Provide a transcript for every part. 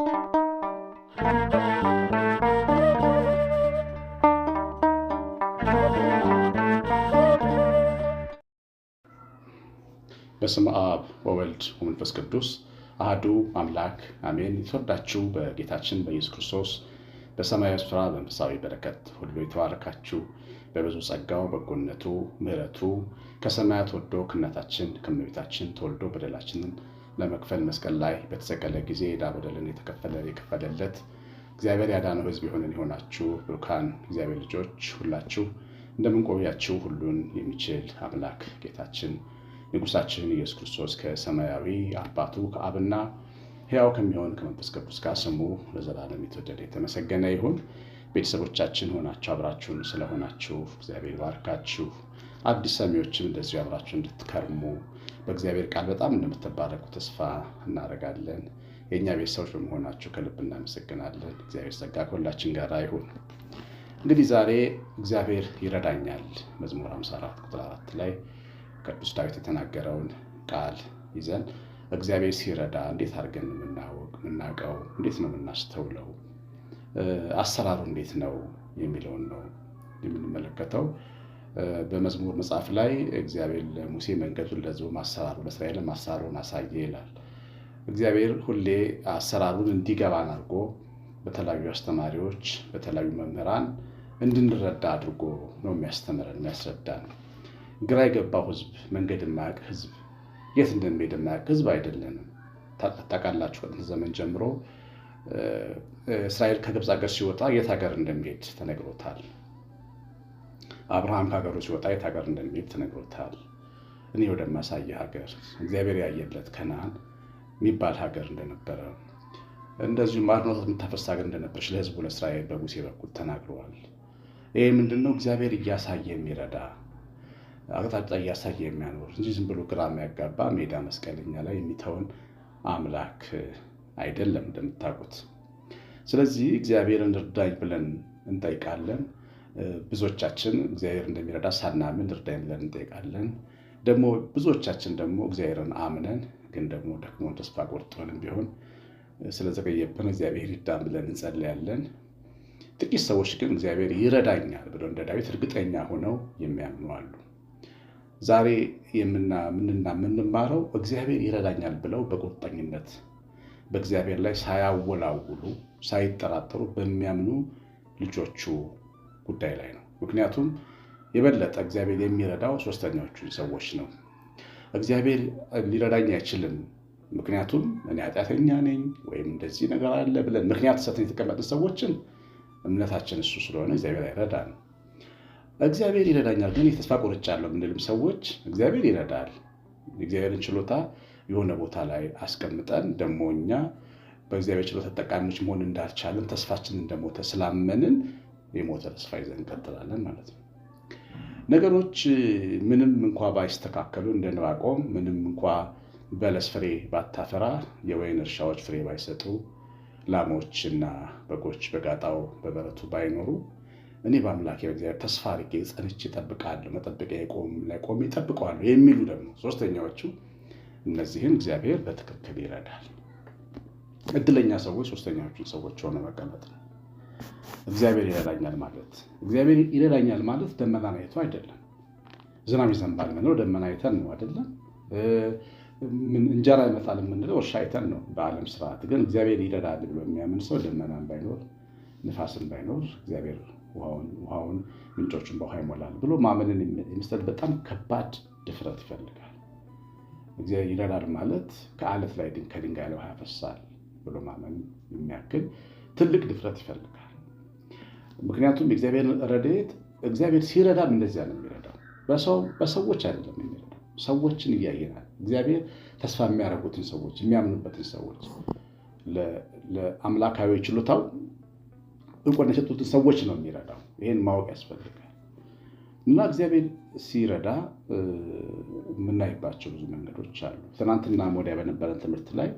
በስም አብ ወወልድ ወመንፈስ ቅዱስ አህዱ አምላክ አሜን። የተወዳችሁ በጌታችን በኢየሱስ ክርስቶስ በሰማያዊ ስፍራ በመንፈሳዊ በረከት ሁሉ የተባረካችሁ በብዙ ጸጋው በጎነቱ ምሕረቱ ከሰማያት ወዶ ከእናታችን ከእመቤታችን ተወልዶ በደላችንን ለመክፈል መስቀል ላይ በተሰቀለ ጊዜ ዕዳ በደልን የተከፈለ የከፈለለት እግዚአብሔር ያዳነው ሕዝብ የሆነን የሆናችሁ ብሩካን እግዚአብሔር ልጆች ሁላችሁ እንደምንቆያችሁ ሁሉን የሚችል አምላክ ጌታችን ንጉሳችን ኢየሱስ ክርስቶስ ከሰማያዊ አባቱ ከአብና ሕያው ከሚሆን ከመንፈስ ቅዱስ ጋር ስሙ ለዘላለም የተወደደ የተመሰገነ ይሁን። ቤተሰቦቻችን ሆናችሁ አብራችሁን ስለሆናችሁ እግዚአብሔር ባርካችሁ። አዲስ ሰሚዎችም እንደዚሁ አብራችሁ እንድትከርሙ በእግዚአብሔር ቃል በጣም እንደምትባረኩ ተስፋ እናደርጋለን። የእኛ ቤት ሰዎች በመሆናችሁ ከልብ እናመሰግናለን። እግዚአብሔር ጸጋ ከሁላችን ጋር ይሁን። እንግዲህ ዛሬ እግዚአብሔር ይረዳኛል መዝሙር 54 ቁጥር 4 ላይ ቅዱስ ዳዊት የተናገረውን ቃል ይዘን እግዚአብሔር ሲረዳ እንዴት አድርገን የምናወቅ የምናውቀው እንዴት ነው የምናስተውለው አሰራሩ እንዴት ነው የሚለውን ነው የምንመለከተው። በመዝሙር መጽሐፍ ላይ እግዚአብሔር ለሙሴ መንገዱን ለሕዝቡ ማሰራሩ ለእስራኤል አሰራሩን አሳየ ይላል። እግዚአብሔር ሁሌ አሰራሩን እንዲገባን አድርጎ በተለያዩ አስተማሪዎች በተለያዩ መምህራን እንድንረዳ አድርጎ ነው የሚያስተምረን የሚያስረዳን። ግራ የገባው ህዝብ፣ መንገድ የማያውቅ ህዝብ፣ የት እንደሚሄድ የማያውቅ ህዝብ አይደለንም። ታውቃላችሁ፣ ከጥንት ዘመን ጀምሮ እስራኤል ከግብፅ ሀገር ሲወጣ የት ሀገር እንደሚሄድ ተነግሮታል። አብርሃም ከሀገሩ ሲወጣ የት ሀገር እንደሚሄድ ተነግሮታል። እኔ ወደማሳየ ሀገር እግዚአብሔር ያየለት ከነዓን የሚባል ሀገር እንደነበረ እንደዚሁም አርኖት የምታፈስ ሀገር እንደነበረች ለህዝቡ ለእስራኤል በሙሴ በኩል ተናግረዋል። ይህ ምንድነው? እግዚአብሔር እያሳየ የሚረዳ አቅጣጫ እያሳየ የሚያኖር እንጂ ዝም ብሎ ግራ የሚያጋባ ሜዳ መስቀለኛ ላይ የሚተውን አምላክ አይደለም እንደምታውቁት። ስለዚህ እግዚአብሔርን እርዳኝ ብለን እንጠይቃለን። ብዙዎቻችን እግዚአብሔር እንደሚረዳ ሳናምን እርዳኝ ብለን እንጠይቃለን። ደግሞ ብዙዎቻችን ደግሞ እግዚአብሔርን አምነን ግን ደግሞ ደክሞን ተስፋ ቆርጠንም ቢሆን ስለዘገየብን እግዚአብሔር ይርዳን ብለን እንጸልያለን። ጥቂት ሰዎች ግን እግዚአብሔር ይረዳኛል ብለው እንደ ዳዊት እርግጠኛ ሆነው የሚያምኑ አሉ። ዛሬ የምናምንና የምንማረው እግዚአብሔር ይረዳኛል ብለው በቁርጠኝነት በእግዚአብሔር ላይ ሳያወላውሉ ሳይጠራጠሩ በሚያምኑ ልጆቹ ጉዳይ ላይ ነው። ምክንያቱም የበለጠ እግዚአብሔር የሚረዳው ሶስተኛዎቹን ሰዎች ነው። እግዚአብሔር ሊረዳኝ አይችልም፣ ምክንያቱም እኔ ኃጢአተኛ ነኝ ወይም እንደዚህ ነገር አለ ብለን ምክንያት ሰተን የተቀመጥን ሰዎችን እምነታችን እሱ ስለሆነ እግዚአብሔር አይረዳን። እግዚአብሔር ይረዳኛል ግን የተስፋ ቆርጫለሁ የምንልም ሰዎች እግዚአብሔር ይረዳል። የእግዚአብሔርን ችሎታ የሆነ ቦታ ላይ አስቀምጠን ደግሞ እኛ በእግዚአብሔር ችሎታ ተጠቃሚዎች መሆን እንዳልቻለን ተስፋችን እንደሞተ ስላመንን የሞተ ተስፋ ይዘን እንቀጥላለን ማለት ነው። ነገሮች ምንም እንኳ ባይስተካከሉ እንደ ዕንባቆም ምንም እንኳ በለስ ፍሬ ባታፈራ፣ የወይን እርሻዎች ፍሬ ባይሰጡ፣ ላሞች እና በጎች በጋጣው በበረቱ ባይኖሩ እኔ በአምላክ በእግዚአብሔር ተስፋ አድርጌ ጸንቼ እጠብቃለሁ፣ መጠበቂያዬ ላይ ቆሜ እጠብቀዋለሁ የሚሉ ደግሞ ሶስተኛዎቹ፣ እነዚህን እግዚአብሔር በትክክል ይረዳል። እድለኛ ሰዎች ሶስተኛዎቹን ሰዎች ሆነ መቀመጥ ነው። እግዚአብሔር ይረዳኛል ማለት እግዚአብሔር ይረዳኛል ማለት ደመናን አይቶ አይደለም። ዝናብ ይዘንባል ምንለው ደመና አይተን ነው አይደለም። እንጀራ ይመጣል የምንለው እርሻ አይተን ነው። በዓለም ስርዓት ግን እግዚአብሔር ይረዳል ብሎ የሚያምን ሰው ደመናን ባይኖር ንፋስን ባይኖር እግዚአብሔር ውሃውን ምንጮቹን በውሃ ይሞላል ብሎ ማመንን የመስጠት በጣም ከባድ ድፍረት ይፈልጋል። እግዚአብሔር ይረዳል ማለት ከአለት ላይ ከድንጋይ ላይ ውሃ ያፈሳል ብሎ ማመን የሚያክል ትልቅ ድፍረት ይፈልጋል። ምክንያቱም እግዚአብሔር ረድኤት እግዚአብሔር ሲረዳን እንደዚያ ነው የሚረዳው። በሰው በሰዎች አይደለም የሚረዳው፣ ሰዎችን እያየናል። እግዚአብሔር ተስፋ የሚያደርጉትን ሰዎች የሚያምኑበትን ሰዎች ለአምላካዊ ችሎታው እውቅና የሰጡትን ሰዎች ነው የሚረዳው። ይህን ማወቅ ያስፈልጋል። እና እግዚአብሔር ሲረዳ የምናይባቸው ብዙ መንገዶች አሉ። ትናንትና ወዲያ በነበረን ትምህርት ላይ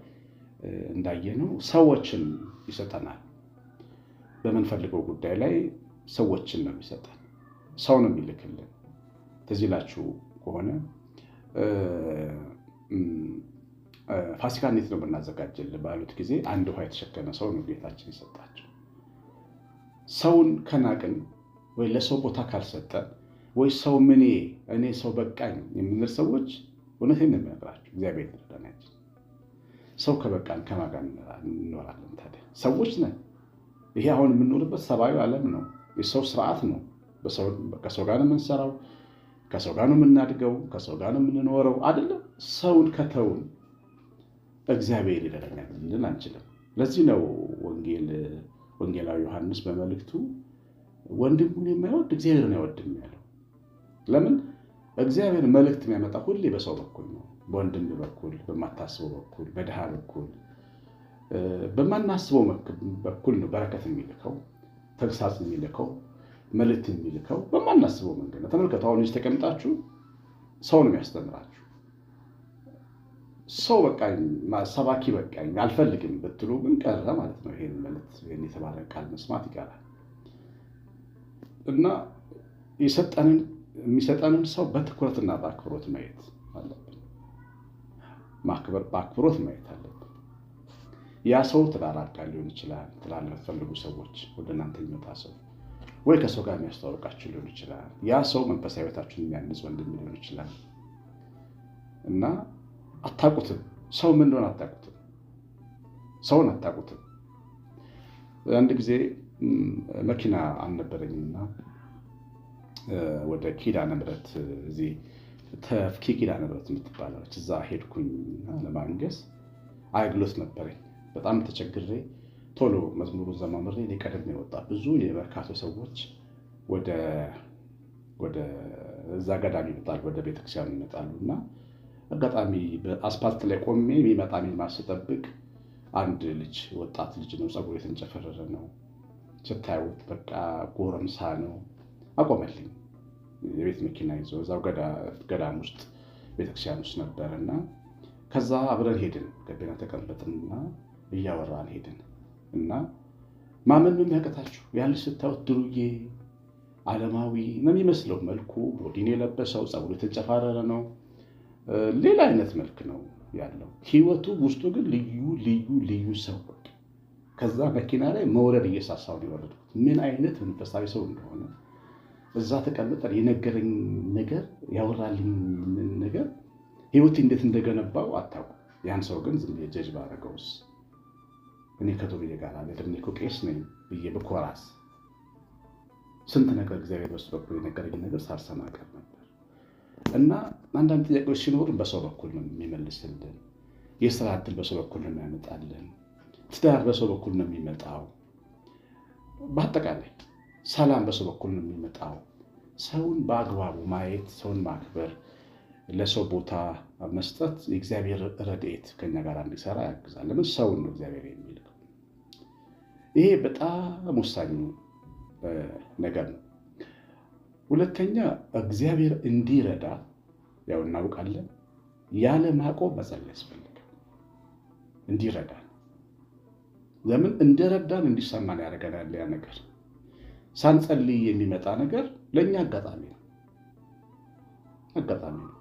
እንዳየነው ሰዎችን ይሰጠናል። በምንፈልገው ጉዳይ ላይ ሰዎችን ነው የሚሰጠን፣ ሰው ነው የሚልክልን። ትዝ ይላችሁ ከሆነ ፋሲካ እንዴት ነው የምናዘጋጀል ባሉት ጊዜ አንድ ውሃ የተሸከመ ሰው ነው ጌታችን የሰጣቸው። ሰውን ከናቅን ወይ ለሰው ቦታ ካልሰጠን ወይ ሰው ምኔ እኔ ሰው በቃኝ የምንል ሰዎች እውነት የምንነግራቸው እግዚአብሔር ረዳናችን። ሰው ከበቃን ከማጋ እንኖራለን ታዲያ? ሰዎች ነን። ይሄ አሁን የምንውልበት ሰብአዊ ዓለም ነው። የሰው ስርዓት ነው። ከሰው ጋር ነው የምንሰራው፣ ከሰው ጋር ነው የምናድገው፣ ከሰው ጋር ነው የምንኖረው አይደለም። ሰውን ከተውን እግዚአብሔር ይደረኛል ልንል አንችልም። ለዚህ ነው ወንጌል ወንጌላዊ ዮሐንስ በመልእክቱ ወንድሙን የማይወድ እግዚአብሔርን አይወድም ያለው። ለምን እግዚአብሔር መልእክት የሚያመጣ ሁሌ በሰው በኩል ነው፣ በወንድም በኩል፣ በማታስበው በኩል፣ በድሃ በኩል በማናስበው በኩል ነው በረከት የሚልከው፣ ተግሳጽ የሚልከው፣ መልእክት የሚልከው በማናስበው መንገድ ነው። ተመልከቱ፣ አሁን እዚህ ተቀምጣችሁ ሰው ነው የሚያስተምራችሁ። ሰው በቃኝ ሰባኪ በቃኝ አልፈልግም ብትሉ ግን ቀረ ማለት ነው። ይሄን መልእክት ይሄን የተባለ ቃል መስማት ይቀራል እና የሰጠንን የሚሰጠንን ሰው በትኩረትና በአክብሮት ማየት አለብን። በአክብሮት ማየት አለብን። ያ ሰው ትዳር አጋር ሊሆን ይችላል። ትዳር ለሚፈልጉ ሰዎች ወደ እናንተ የሚመጣ ሰው ወይ ከሰው ጋር የሚያስተዋወቃችሁ ሊሆን ይችላል። ያ ሰው መንፈሳዊ ቤታችሁን የሚያንጽ ወንድም ሊሆን ይችላል እና አታቁትም። ሰው ምን እንደሆነ አታውቁትም። ሰውን አታቁትም። አንድ ጊዜ መኪና አልነበረኝና ወደ ኪዳነ ምሕረት እዚህ ተፍኪ ኪዳነ ምሕረት የምትባለች እዛ ሄድኩኝ ለማንገስ አገልግሎት ነበረኝ በጣም ተቸግሬ ቶሎ መዝሙሩን ዘማምሬ እኔ ቀደም የወጣ ብዙ የበርካቶ ሰዎች ወደ እዛ ገዳም ይመጣሉ፣ ወደ ቤተክርስቲያኑ ይመጣሉ እና አጋጣሚ በአስፓልት ላይ ቆሜ የሚመጣ ሚልማ ስጠብቅ አንድ ልጅ ወጣት ልጅ ነው፣ ፀጉሩ የተንጨፈረረ ነው። ስታዩት በቃ ጎረምሳ ነው። አቆመልኝ። የቤት መኪና ይዞ እዛው ገዳም ውስጥ ቤተክርስቲያን ውስጥ ነበር እና ከዛ አብረን ሄድን። ገቤና ተቀመጥንና እያወራን ሄድን እና ማመን ነው የሚያቀታችሁ። ያን ስታዩት ድሩዬ አለማዊ ነው የሚመስለው መልኩ። ቦዲን የለበሰው ፀጉሩ የተንጨፋረረ ነው። ሌላ አይነት መልክ ነው ያለው ህይወቱ። ውስጡ ግን ልዩ ልዩ ልዩ ሰው። ከዛ መኪና ላይ መውረድ እየሳሳው የወረድኩት ምን አይነት መንፈሳዊ ሰው እንደሆነ እዛ ተቀምጠን የነገረኝ ነገር ያወራልኝ ነገር ህይወት እንዴት እንደገነባው አታውቁም። ያን ሰው ግን ጀጅ ባረገውስ እኔ ከቶብዬ ጋር ለእድሜ እኮ ቄስ ነኝ ብዬ ብኮራስ ስንት ነገር እግዚአብሔር በሱ በኩል የነገረኝ ነገር ሳልሰማ ነበር። እና አንዳንድ ጥያቄዎች ሲኖሩን በሰው በኩል ነው የሚመልስልን። የስራ እድል በሰው በኩል ነው የሚያመጣልን። ትዳር በሰው በኩል ነው የሚመጣው። በአጠቃላይ ሰላም በሰው በኩል ነው የሚመጣው። ሰውን በአግባቡ ማየት፣ ሰውን ማክበር፣ ለሰው ቦታ መስጠት የእግዚአብሔር ረድኤት ከኛ ጋር እንዲሰራ ያግዛል። ለምን ሰውን ነው እግዚአብሔር የሚል ይሄ በጣም ወሳኙ ነገር ነው። ሁለተኛ እግዚአብሔር እንዲረዳ ያው እናውቃለን፣ ያለ ማቆም መጸለይ ያስፈልጋል። እንዲረዳ ለምን እንደረዳን እንዲሰማን ያደርገናል። ያ ነገር ሳንጸልይ የሚመጣ ነገር ለእኛ አጋጣሚ ነው አጋጣሚ ነው።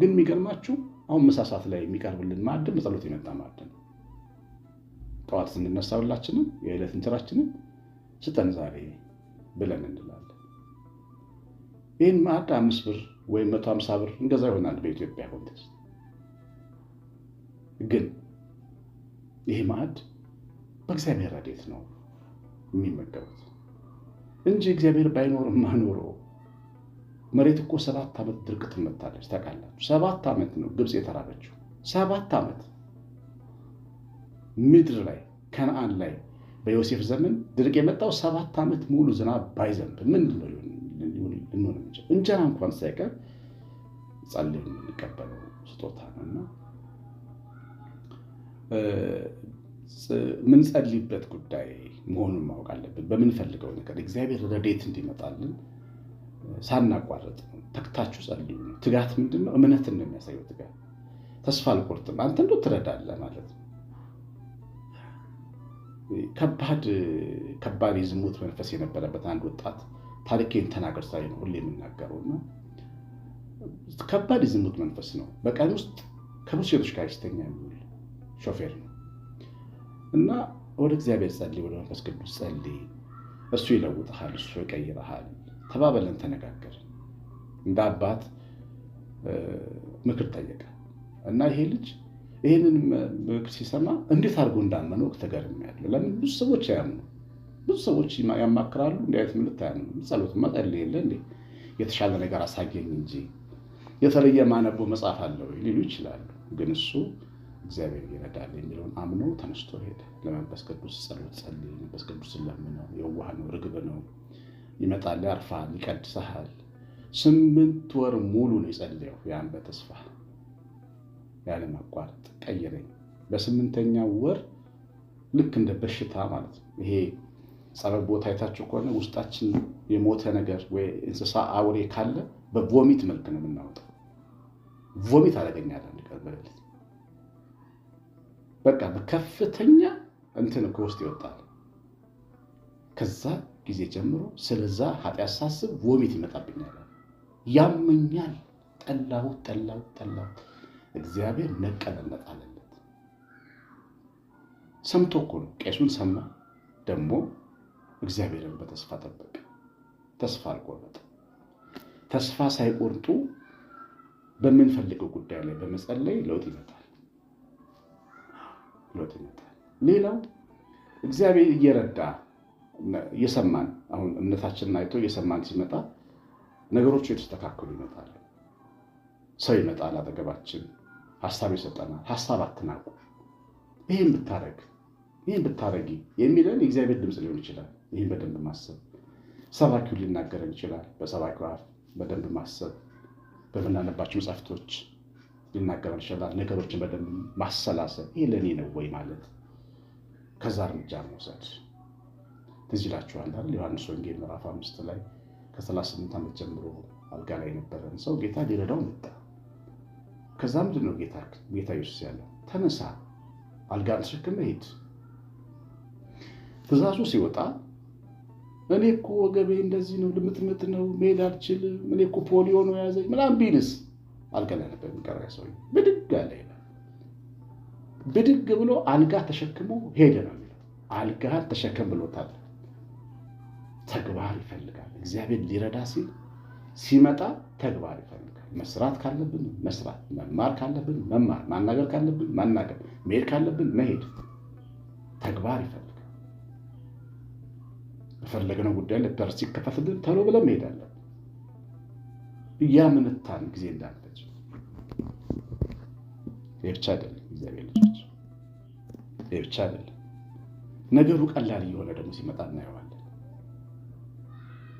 ግን የሚገርማችሁ አሁን ምሳ ሰዓት ላይ የሚቀርብልን ማዕድ በጸሎት የመጣ ማዕድ ጠዋት ስንነሳ ሁላችንም የዕለት እንጀራችንን ስጠን ዛሬ ብለን እንላለን። ይህን ማዕድ አምስት ብር ወይም መቶ ሀምሳ ብር እንገዛ ይሆናል በኢትዮጵያ ኮንቴክስት። ግን ይህ ማዕድ በእግዚአብሔር ረድኤት ነው የሚመገቡት እንጂ እግዚአብሔር ባይኖር ማኖሮ መሬት እኮ ሰባት ዓመት ድርቅ ትመታለች። ታውቃላችሁ? ሰባት ዓመት ነው ግብፅ የተራበችው። ሰባት ዓመት ምድር ላይ ከነአን ላይ በዮሴፍ ዘመን ድርቅ የመጣው ሰባት ዓመት ሙሉ ዝናብ ባይዘንብ ምን እንጀራ እንኳን ሳይቀር ጸልይ የምንቀበለው ስጦታ ነው እና ምንጸልይበት ጉዳይ መሆኑን ማወቅ አለብን። በምንፈልገው ነገር እግዚአብሔር ረዴት እንዲመጣልን ሳናቋረጥ ነው። ተግታችሁ ጸልዩ ትጋት ምንድን ነው? እምነትን ነው የሚያሳየው ትጋት። ተስፋ አልቆርጥም፣ አንተ እንደው ትረዳለህ ማለት ነው። ከባድ ከባድ የዝሙት መንፈስ የነበረበት አንድ ወጣት ታሪኬን ተናገር ሳይ ነው ሁሌ የምናገረው እና ከባድ የዝሙት መንፈስ ነው። በቀን ውስጥ ከብዙ ሴቶች ጋር ይስተኛ የሚውል ሾፌር ነው እና ወደ እግዚአብሔር ጸልይ፣ ወደ መንፈስ ቅዱስ ጸልይ። እሱ ይለውጥሃል፣ እሱ ይቀይረሃል። ተባበለን፣ ተነጋገር። እንደ አባት ምክር ጠየቀ እና ይሄ ልጅ ይህንንም ሲሰማ እንዴት አድርጎ እንዳመነ ወቅት ተገርሜያለሁ። ለምን ብዙ ሰዎች አያምኑ፣ ብዙ ሰዎች ያማክራሉ፣ እንዲህ አይነት ምልት አያምኑ። ጸሎት መጠል የለ እንዴ የተሻለ ነገር አሳየኝ እንጂ የተለየ ማነቦ መጽሐፍ አለው ሊሉ ይችላሉ። ግን እሱ እግዚአብሔር ይረዳል የሚለውን አምኖ ተነስቶ ሄደ። ለመንፈስ ቅዱስ ጸሎት ጸልይ፣ መንፈስ ቅዱስ ለምነው። የዋህ ነው፣ ርግብ ነው፣ ይመጣል፣ ያርፋል፣ ይቀድሰሃል። ስምንት ወር ሙሉ ነው የጸለየው ያን በተስፋ ያለማቋረጥ ቀይረኝ። በስምንተኛው ወር ልክ እንደ በሽታ ማለት ነው ይሄ ጸበል ቦታ አይታችሁ ከሆነ ውስጣችን የሞተ ነገር ወይ እንስሳ አውሬ ካለ በቮሚት መልክ ነው የምናወጣው። ቮሚት አደገኛለ አንድ በቃ በከፍተኛ እንትን ከውስጥ ይወጣል። ከዛ ጊዜ ጀምሮ ስለዛ ኃጢአት ሳስብ ቮሚት ይመጣብኛል፣ ያመኛል። ጠላሁት ጠላሁት ጠላሁት እግዚአብሔር ነቀለለት አለለት። ሰምቶ እኮ ነው። ቄሱን ሰማ፣ ደግሞ እግዚአብሔርን በተስፋ ጠበቀ። ተስፋ አልቆረጠ። ተስፋ ሳይቆርጡ በምንፈልገው ጉዳይ ላይ በመጸለይ ለውጥ ይመጣል፣ ለውጥ ይመጣል። ሌላው እግዚአብሔር እየረዳ እየሰማን አሁን እምነታችንን አይቶ እየሰማን ሲመጣ ነገሮቹ የተስተካከሉ ይመጣል። ሰው ይመጣል አጠገባችን ሀሳብ ይሰጠናል። ሀሳብ አትናቁ፣ ይህን ብታረግ ይህን ብታረጊ የሚለን የእግዚአብሔር ድምፅ ሊሆን ይችላል። ይህን በደንብ ማሰብ ሰባኪው ሊናገረን ይችላል። በሰባኪው አፍ በደንብ ማሰብ በምናነባቸው መጽሐፍቶች ሊናገረን ይችላል። ነገሮችን በደንብ ማሰላሰብ ይህ ለእኔ ነው ወይ ማለት ከዛ እርምጃ መውሰድ ትዝ ይላችኋል ዮሐንስ ወንጌል ምዕራፍ አምስት ላይ ከ38 ዓመት ጀምሮ አልጋ ላይ የነበረን ሰው ጌታ ሊረዳው መጣ። ከዛ ምንድን ነው ጌታ ኢየሱስ ያለው? ተነሳ አልጋን ተሸክመህ ሂድ። ትእዛዙ ሲወጣ እኔ እኮ ወገቤ እንደዚህ ነው፣ ልምጥምጥ ነው፣ መሄድ አልችልም፣ እኔ እኮ ፖሊዮ ነው የያዘኝ ምናምን ቢልስ አልጋ ላይ ነበር ሰው። ብድግ አለ ይላል። ብድግ ብሎ አልጋ ተሸክሞ ሄደ ነው የሚለው። አልጋ ተሸከም ብሎታል። ተግባር ይፈልጋል። እግዚአብሔር ሊረዳ ሲል ሲመጣ ተግባር ይፈልጋል። መስራት ካለብን መስራት፣ መማር ካለብን መማር፣ ማናገር ካለብን ማናገር፣ መሄድ ካለብን መሄድ ተግባር ይፈልጋል። በፈለግነው ጉዳይ ላይ ሲከፈትልን ተሎ ብለን መሄዳለን። እያምንታን ጊዜ እንዳለች የብቻ አይደለም። እግዚአብሔር ልጆች የብቻ አይደለም። ነገሩ ቀላል እየሆነ ደግሞ ሲመጣ እናየዋለን።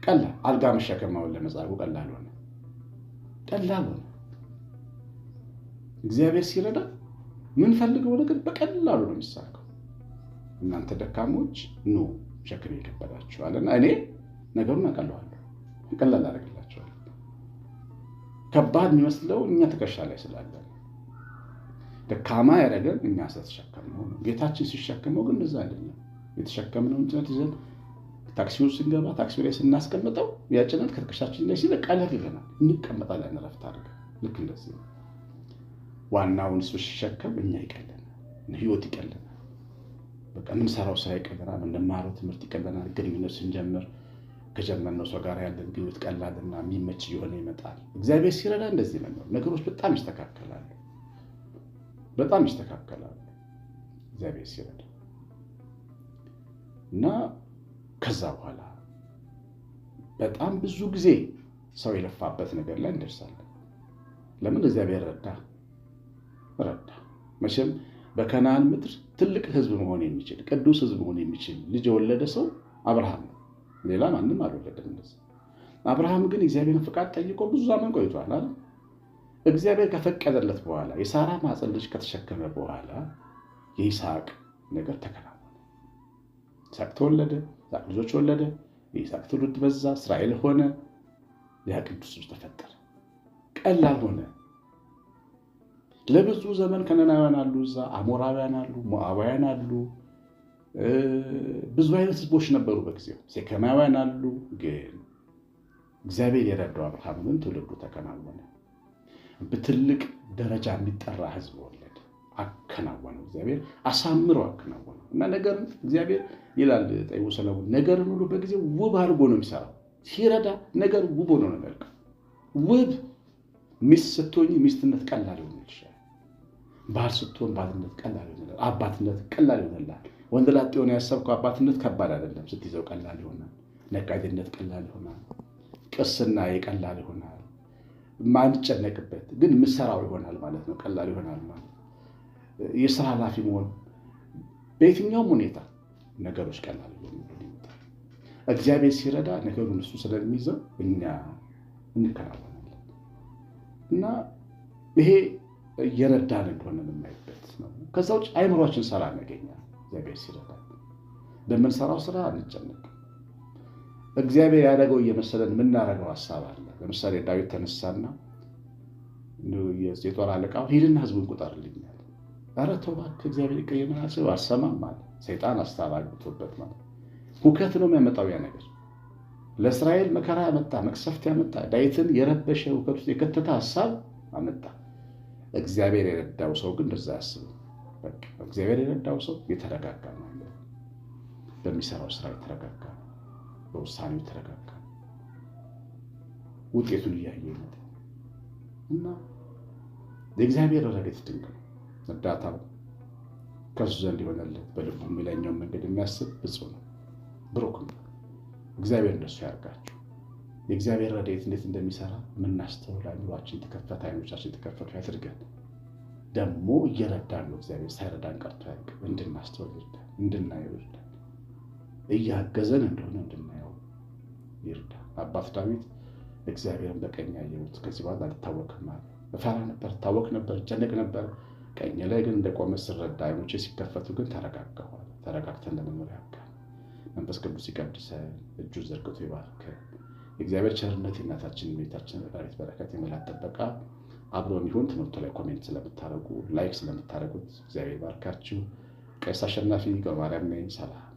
ቀላል አልጋ መሸከማውን ለመጻጉ ቀላል ሆነ። ቀላል ነው። እግዚአብሔር ሲረዳ የምንፈልገው ነገር በቀላሉ ነው የሚሳካው። እናንተ ደካሞች ኖ ሸክም ይከበዳችኋልና እኔ ነገሩን አቀለዋለሁ፣ ቀላል አደርግላችኋለሁ። ከባድ የሚመስለው እኛ ትከሻ ላይ ስላለን ደካማ ያደረገን እኛ ስለተሸከምነው ነው። ጌታችን ሲሸከመው ግን እዛ አይደለም የተሸከምነውን ጭነት ይዘን ታክሲ ውስጥ ስንገባ ታክሲ ላይ ስናስቀምጠው ያጭነት ከትከሻችን ላይ ሲለ ቀለል ይለናል፣ እንቀመጣለን። ረፍት አድርገ ልክ እንደዚህ ነው። ዋናውን እሱ ሲሸከም እኛ ይቀለናል፣ ህይወት ይቀለናል። በቃ የምንሰራው ስራ ይቀለናል፣ የምንማረው ትምህርት ይቀለናል። ግንኙነት ስንጀምር ከጀመርነው ሰው ጋር ያለን ግንኙነት ቀላልና የሚመች እየሆነ ይመጣል። እግዚአብሔር ሲረዳ እንደዚህ ነው፣ ነገሮች በጣም ይስተካከላሉ፣ በጣም ይስተካከላሉ እግዚአብሔር ሲረዳ እና ከዛ በኋላ በጣም ብዙ ጊዜ ሰው የለፋበት ነገር ላይ እንደርሳለን። ለምን? እግዚአብሔር ረዳ ረዳ። መቼም በከናን ምድር ትልቅ ህዝብ መሆን የሚችል ቅዱስ ህዝብ መሆን የሚችል ልጅ የወለደ ሰው አብርሃም ነው። ሌላ ማንም አልወለደም። አብርሃም ግን እግዚአብሔርን ፍቃድ ጠይቆ ብዙ ዘመን ቆይቷል አለ። እግዚአብሔር ከፈቀደለት በኋላ የሳራ ማፀን ልጅ ከተሸከመ በኋላ የይስሐቅ ነገር ተከናወነ። ይስሐቅ ተወለደ። ይስሐቅ ልጆች ወለደ። የይስሐቅ ትውልድ በዛ፣ እስራኤል ሆነ። ያ ቅዱስ ልጅ ተፈጠረ። ቀላል ሆነ። ለብዙ ዘመን ከነናውያን አሉ፣ እዛ አሞራውያን አሉ፣ ሞዓባውያን አሉ፣ ብዙ አይነት ህዝቦች ነበሩ በጊዜው። ሴከማውያን አሉ። ግን እግዚአብሔር የረዳው አብርሃም ግን ትውልዱ ተከናወነ። በትልቅ ደረጃ የሚጠራ ህዝብ ሆነ። አከናወነው። እግዚአብሔር አሳምሮ አከናወነው እና ነገር እግዚአብሔር ይላል ጠቢቡ ሰለሞን ነገርን ሁሉ በጊዜ ውብ አድርጎ ነው የሚሰራው። ሲረዳ ነገር ውብ ሆኖ ነው የሚያልቀው። ውብ ሚስት ስትሆኝ ሚስትነት ቀላል ይሆናል ይችላል። ባል ስትሆን ባልነት ቀላል ይሆናል። አባትነት ቀላል ይሆናል። ወንድ ላጤ የሆነ ያሰብከው አባትነት ከባድ አይደለም። ስትይዘው ቀላል ይሆናል። ነጋዴነት ቀላል ይሆናል። ቅስና ቀላል ይሆናል። ማንጨነቅበት ግን ምሰራው ይሆናል ማለት ነው። ቀላል ይሆናል ማለት የስራ ኃላፊ መሆን በየትኛውም ሁኔታ ነገሮች ቀላል እግዚአብሔር ሲረዳ ነገሩን እሱ ስለሚይዘው እኛ እንከናወናለን እና ይሄ እየረዳን እንደሆነ የምናይበት ነው። ከዛ ውጭ አይምሯችን ሰላም ያገኛል። እግዚአብሔር ሲረዳ በምንሰራው ስራ አንጨነቅ። እግዚአብሔር ያደገው እየመሰለን የምናደርገው ሀሳብ አለ። ለምሳሌ ዳዊት ተነሳና የጦር አለቃው ሂድና ህዝቡን ቁጠርልኝ ኧረ ተው እባክህ እግዚአብሔር ይቀየመናል ምናስብ አልሰማም ማለት ሰይጣን አስታራግቶበት ማለት ሁከት ነው የሚያመጣው ያ ነገር ለእስራኤል መከራ ያመጣ መቅሰፍት ያመጣ ዳዊትን የረበሸ እውቀት ውስጥ የከተተ ሀሳብ አመጣ። እግዚአብሔር የረዳው ሰው ግን እንደዛ አያስብም። እግዚአብሔር የረዳው ሰው የተረጋጋ ነው፣ በሚሰራው ስራ የተረጋጋ ነው፣ በውሳኔው የተረጋጋ ነው፣ ውጤቱን እያየ ይመጣል እና የእግዚአብሔር ረድኤት ድንቅ ነው። እርዳታው ከሱ ዘንድ ይሆነለት በልቡ የሚለኛውን መንገድ የሚያስብ ብፁ ነው፣ ብሩክ ነው። እግዚአብሔር እንደሱ ያርጋችሁ። የእግዚአብሔር ረድኤት እንዴት እንደሚሰራ የምናስተውል አይምሯችን ተከፈተ፣ አይኖቻችን ተከፈቱ ያድርገን። ደግሞ እየረዳን ነው እግዚአብሔር ሳይረዳን ቀርቶ ያውቅ እንድናስተውል ይርዳን፣ እንድናየው ይርዳን፣ እያገዘን እንደሆነ እንድናየው ይርዳን። አባት ዳዊት እግዚአብሔርን በቀኝ ያየሁት ከዚህ በኋላ አልታወቅም አለ። እፈራ ነበር፣ እታወክ ነበር፣ እጨነቅ ነበር ቀኝ ላይ ግን እንደቆመ ስረዳ አይኖች ሲከፈቱ ግን ተረጋጋኋል። ተረጋግተን ለመኖር ያብቃን። መንፈስ ቅዱስ ሲቀድሰ እጁ ዘርግቶ ይባርከን። የእግዚአብሔር ቸርነት የእናታችን ቤታችን ዳሪት በረከት የመላት ጠበቃ አብሮ ይሁን። ትምህርቱ ላይ ኮሜንት ስለምታደረጉ ላይክ ስለምታደረጉት እግዚአብሔር ይባርካችሁ። ቀሲስ አሸናፊ ገብረማርያም ነኝ። ሰላም